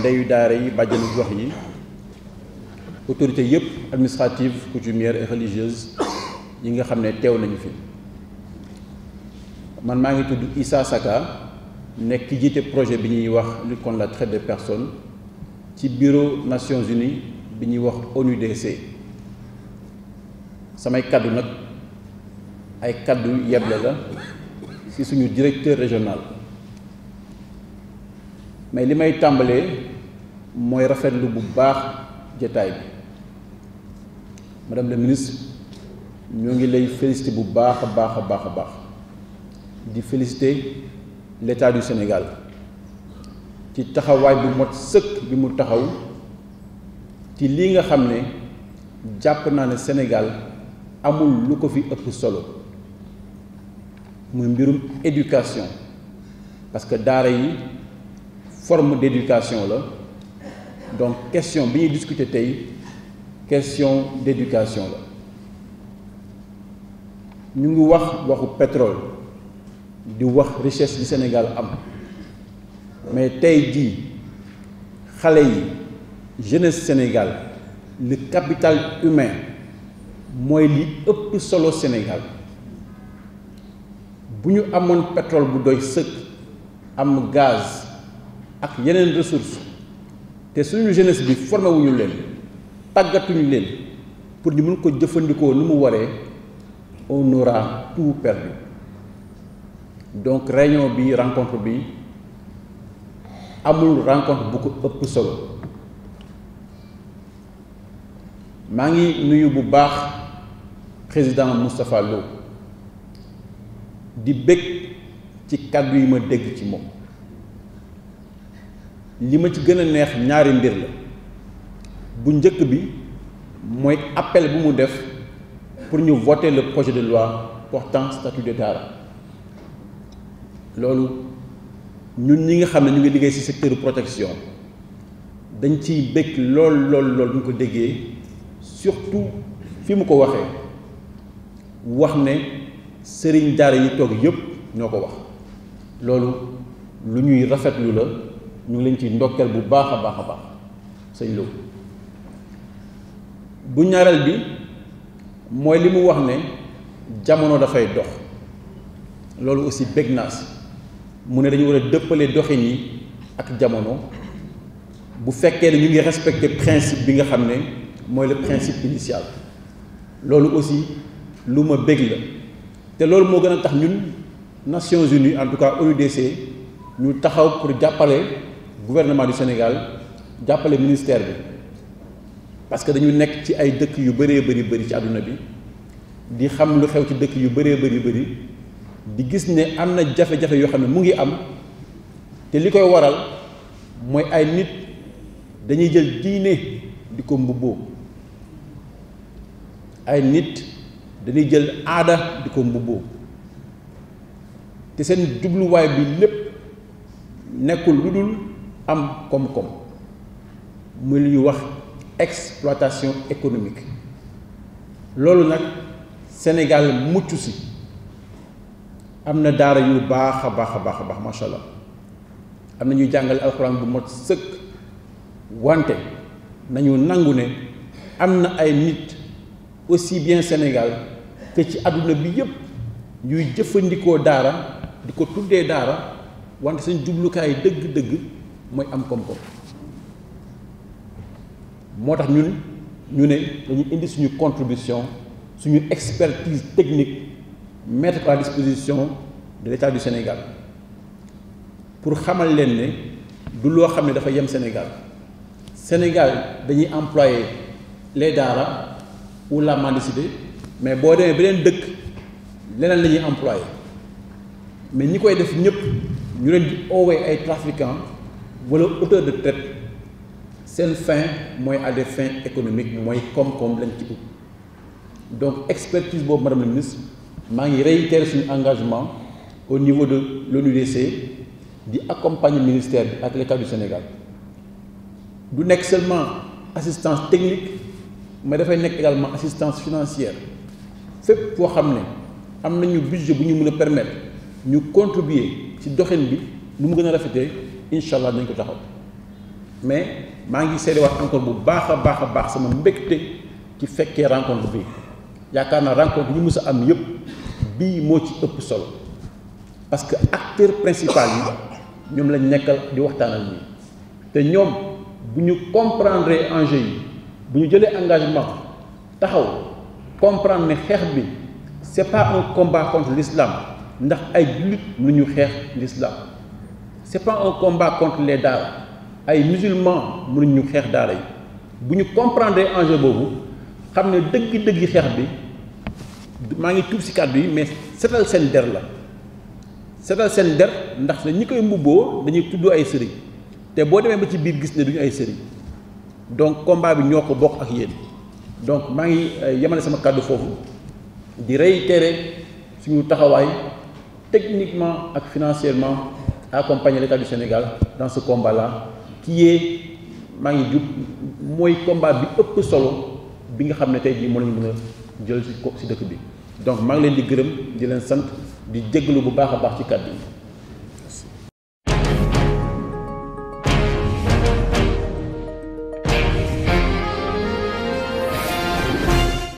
ndeyu daara yi bàjjenu gox yi autorité yëpp administrative coutumière et religieuse yi nga xam ne teew nañu fi man maa ngi tudd Issa Saka nekk ki jiite projet bi ñuy wax lutte contre la traite des personnes ci bureau Nations Unies bi ñuy wax de ONUDC samay kaddu nag ay kaddu yeble la ci suñu directeur régional mais li may tàmbalee mooy rafetlu bu baax jataay bi madame la ministre ñoo ngi lay félicité bu baax a baax a baax a baax di félicité l'état du Sénégal ci taxawaay bu mot sëkk bi mu taxaw ci lii nga xam ne jàpp naa ne Sénégal amul lu ko fi ëpp solo muy mbirum éducation parce daara yi forme d'éducation la donc question bi ñuy discuter tey question d'éducation la ñu ngi wax waxu pétrole di wax richesse du Sénégal am mais tey jii xale yi jeunesse Sénégal le capital humain mooy li ëpp solo Sénégal bu ñu amoon pétrole bu doy sëkk am gaz ak yeneen ressources te suñu jeunesse bi formé wuñu leen tàggatuñu leen pour ñu mun ko jëfandikoo nu mu waree on aura tout perdu donc réunion bi rencontre bi amul rencontre bu ko ëpp solo maa ngi nuyu bu baax président Moustapha Lo di bëgg ci kàddu yi ma dégg ci moom li ma ci gën a neex ñaari mbir la bu njëkk bi mooy appel bu mu def pour ñu voter le projet de loi portant statut de Daara loolu ñun ñi nga xam ne ñu ngi liggéey ci secteur protection dañ ciy bëgg lool lool lool ñu ko déggee surtout fi mu ko waxee wax ne sëriñ daara yi toog yépp ñoo ko wax loolu lu ñuy rafetlu la ñu ngi leen ci ndokkeel bu baax a baax a baax sëñ Lo bu ñaareel bi mooy li mu wax ne jamono dafay dox loolu aussi bég naa si mu ne dañu war a dëppalee doxin yi ak jamono bu fekkee ne ñu ngi respecté principe bi nga xam ne mooy le principe initial loolu aussi lu ma bég la te loolu moo gën a tax ñun Nations Unies en tout cas ONUDC ñu taxaw pour jàppale gouvernement du Sénégal jàppale ministère bi parce que dañu nekk ci ay dëkk yu bëree bëri bëri ci àdduna bi di xam lu xew ci dëkk yu bëree bëri bëri di gis ne am na jafe-jafe yoo xam ne mu ngi am te li koy waral mooy ay nit dañuy jël diine di ko mbubboo ay nit dañuy jël aada di ko mbubboo te seen jubluwaay bi lépp nekkul lu dul am koom-koom muy lu ñuy wax exploitation économique loolu nag Sénégal mucc si am na daara yu baax a baax a baax a baax macha allah am na ñuy jàngale alxuraan bu mot sëkk wante nañu nangu ne am na ay nit aussi bien Sénégal te ci àdduna bi yëpp ñuy jëfandikoo daara di ko tuddee daara wante seen jublukaay dëgg-dëgg mooy am koom-koom moo tax ñun ñu ne dañu indi suñu contribution suñu expertise technique mettre ko à disposition de l'État du Sénégal pour xamal leen ne du loo xam ne dafa yem Sénégal Sénégal dañuy employé les daara ou la mendicité mais boo demee beneen dëkk leneen lañuy ñuy employé mais ñi koy def ñëpp ñu leen di oowee ay trafiquants wala auteur de traite seen fin mooy à des économique économiques mooy koom-koom lañ ci ut donc expertise boobu ma la ministre maa ngi réitère suñu engagement au niveau de l'ONUDC di accompagner ministère bi ak l'État du Sénégal du nekk seulement assistance technique mais dafay nekk également assistance financière fépp foo xam ne am nañu budget bu ñu mën a permettre ñu contribuer ci doxin bi nu mu gën a rafetee incha allah dañ ko taxaw mais maa ngi wax encore bu baax a baax a baax sama mbégte ci fekkee rencontre bi yaakaar naa rencontre yi mës a am yëpp bii moo ci ëpp solo parce que acteur principal yi ñoom lañ nekkal di waxtaanal ñi te ñoom bu ñu comprendre enjeu yi bu ñu jëlee engagement taxaw comprendre ne xeex bi c'est pas un combat contre l'islam ndax ay jullit lu ñu xeex l'islam c'est pas un combat contre les daara ay musulmans ñu xeex daara yi bu ñu comprendre enjeu boobu xam ne dëgg-dëgg xeex bi maa ngi tuub si kàddu yi mais setal seen der la setal seen der ndax ñi koy mbubboo dañuy tudd ay sëriñ te boo demee ba ci biir gis ne duñu ay sëriñ donc combat bi ñoo ko bokk ak yéen donc maa ngi euh, yemale sama kàddu foofu di tere suñu taxawaay techniquement ak financièrement accompagner l'État du Sénégal dans ce combat-là qui est maa ngi jub mooy combat bi ëpp solo bi nga xam ne tey jii moo lañu mën a jël si ko si dëkk bi donc maa ngi leen di gërëm di leen sant di jéggalu bu baax a baax ci kàddu yi